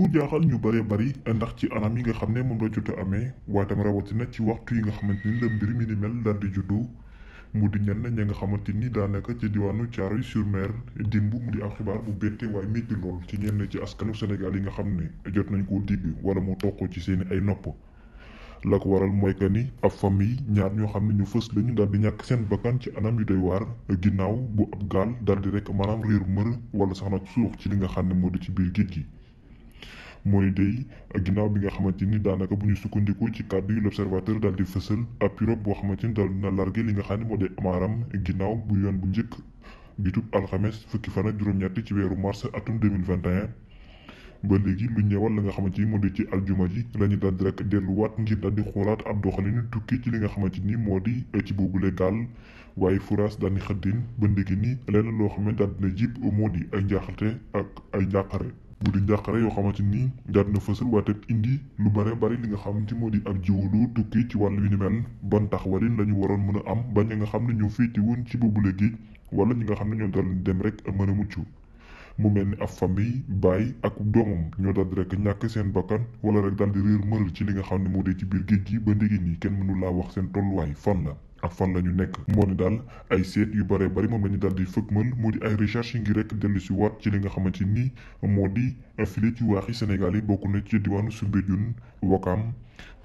mu jaaxal ñu bëree bëri ndax ci anam yi nga xam ne moom la jot a amee waaye tam rawatina ci waxtu yi nga xamante ni la mbir mi ni mel daal di juddu mu di ñenn ñi nga xamante ni daa nekk ci diwaanu Thiaroye-sur-Mer dimb mu di ab xibaar bu bette waaye métti lool ci ñenn ci askanu Sénégal yi nga xam ne jot nañ ko digg wala moo toog ci seeni ay nopp. la ko waral mooy que ni ab famille ñaar ñoo xam ne ñu fës lañu daal di ñàkk seen bakkan ci anam yu doy waar ginnaaw bu ab gaal di rek maanaam réer mër wala sax nag suux li nga xam ne moo di ci biir géej gi. mooy day ginnaaw bi nga xamante ni daanaka bu ñu sukkandiku ci kàddu yu l'observateur daal di fësal ab pirogue boo xamante ni daal dina largué li nga xam ne moo di maaram ginnaaw bu yoon bu njëkk bitub alxames fukki xamante ni moo di ci aljuma ji la ñu daal di rek delluwaat ngir daal di xoolaat ab doxalin tukki ci li nga xamante ni moo di ci boobule gaal waaye furaas daal di xëddin ba léegi lenn loo xam ne daal dina jib moo di ay njaaxate ak ay njàqare mu di njàqare yoo xamante ni daat na fësal waaye indi lu bare bari li nga xam xamante moo di ab jiwalu tukki ci wàllu wi ni tax ban taxawalin la ñu waroon mën a am ba ñi nga xam ne ñoo féete woon ci boobule géej wala ñi nga xam ne ñoo dal dem rek mën a mucc mu mel ni ab famille baay ak doomam ñoo daal di rek ñàkk seen bakkan wala rek daal di réer mëral ci li nga xam ne moo dee ci biir géej gi ba ndégéen yi kenn mënu laa wax seen tolluwaay fan la ak fan la ñu nekk moo ne daal ay seet yu bëree bëri moom la ñu daal di fëgg mën moo di ay recherche yi ngi rek dellu si waat ci li nga xamante ni moo di file ci waaxi Sénégal yi bokk na ci diwaanu Soumbédioune Wakaam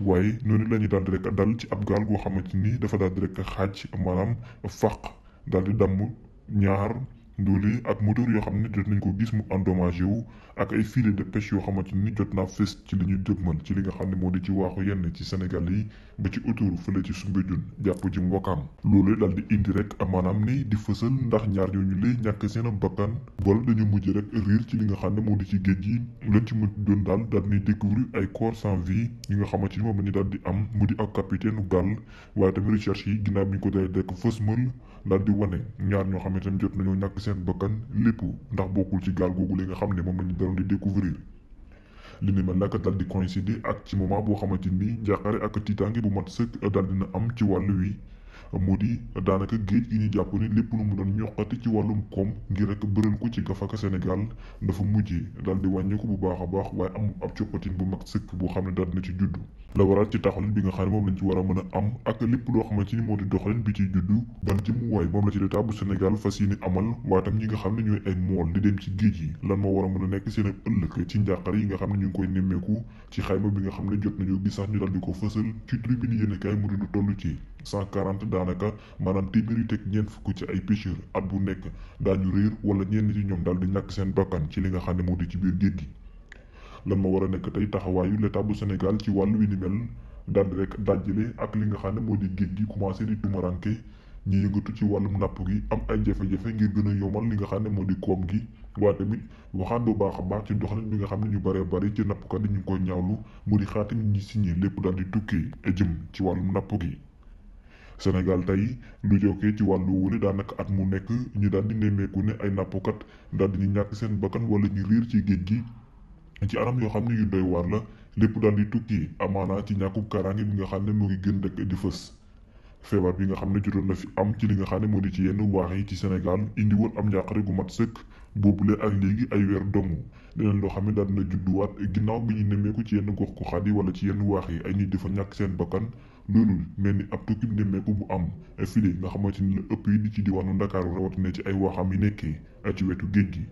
waaye noonu la ñu daal di rek dal ci ab gaal goo xamante ni dafa daal di rek xaaj maanaam faq daal di damm ñaar ndoole yi ak moteur yoo xam ne jot nañ ko gis mu endommagé wu ak ay filets de pêche yoo xamante ni jot naa fës ci li ñu jëmmal ci li nga xam ne moo di ci waaxu yenn ci Sénégal yi ba ci di indi rek maanaam ni di fësal ndax ñaar ñooñu lay ñàkk seen ci li nga xam ne moo di ci géej gi ci mujj doon daal daal di découvrir ay corps sans ni moom la ñu daal di am mu di ko dalee dekk fës mël daal di wane ñaar ñoo xamante jot nañoo ñàkk seen bakkan lépp ndax bokkul ci gaal googu li nga xam ne moom lañu doon di découvrir li ni mel nag dal di coïncider ak ci moment boo xamante ni njàqare ak tiitaange bu mat sëkk dal dina am ci wàll wii moo di daanaka géej gi ñu jàpp ni lépp lu mu doon ñoqati ci wàllum koom ngir rek bëral ko ci gafaka Sénégal dafa mujjee daal di wàññi bu baax baax waaye am ab coppatin bu mag sëkk boo xam ne daal dina ci juddu la a mën a di doxalin bi moom la ci l'état bu Sénégal fas yéene amal waaye tam ñi nga xam ne ñooy ay mool di dem ci géej yi lan moo war a mën a nekk seen ëllëg ci njàqare yi nga xam ne ñu ngi koy nemmeeku ci xayma bi nga xam ne jot nañoo gis sax ñu daal daanaka maanaam téeméeri teg ñeent fukk ci ay pêcheurs at bu nekk daañu réer wala ñenn ci ñoom daal di ñàkk seen bakkan ci li nga xam ne moo di ci biir géej gi lan ma war a nekk tey taxawaayu l'état bu Sénégal ci wàllu wi ni mel daal di rek dajale ak li nga xam ne moo di géej gi commencé di tumaranke ñu yëngatu ci wàllum napp gi am ay jafe-jafe ngir gën a yomal li nga xam ne moo di koom gi waaye tamit waxaat bu baax a baax ci doxalin bi nga xam ne ñu bëree bëri ci nappkat di ñu ngi koy ñaawlu mu di xaatim ñi signé lépp daal di tukkee jëm ci wàllum napp gi. Sénégal tey lu jokkee ci wàllu wóole daanaka at mu nekk ñu daal di nemmeeku ne ay nappkat daal ñu ñàkk seen bakkan walla ñu riir ci géej gi ci anam yoo xam ne yu doy waar la lépp daal di tukki amaana ci ñàkku kaaraange bi nga xam ne mu ngi gën rek di fës. feebar bi nga xam ne jotoon na fi am ci li nga xam moo di ci yenn waax yi ci Sénégal indi woon am njàqare gu mat sëkk boobule ak léegi ay weer dong leneen loo xam ne daal dina judduwaat ginnaaw bi ñu nemmeeku ci yenn gox goxaat yi wala ci yenn waax yi ay nit dafa ñàkk seen bakkan loolu mel ni ab tukki nemmeeku bu am file nga xamante ni la ëpp yi di ci diwaanu Ndakaaru rawatina ci ay waaxam yi nekkee ci wetu géej gi.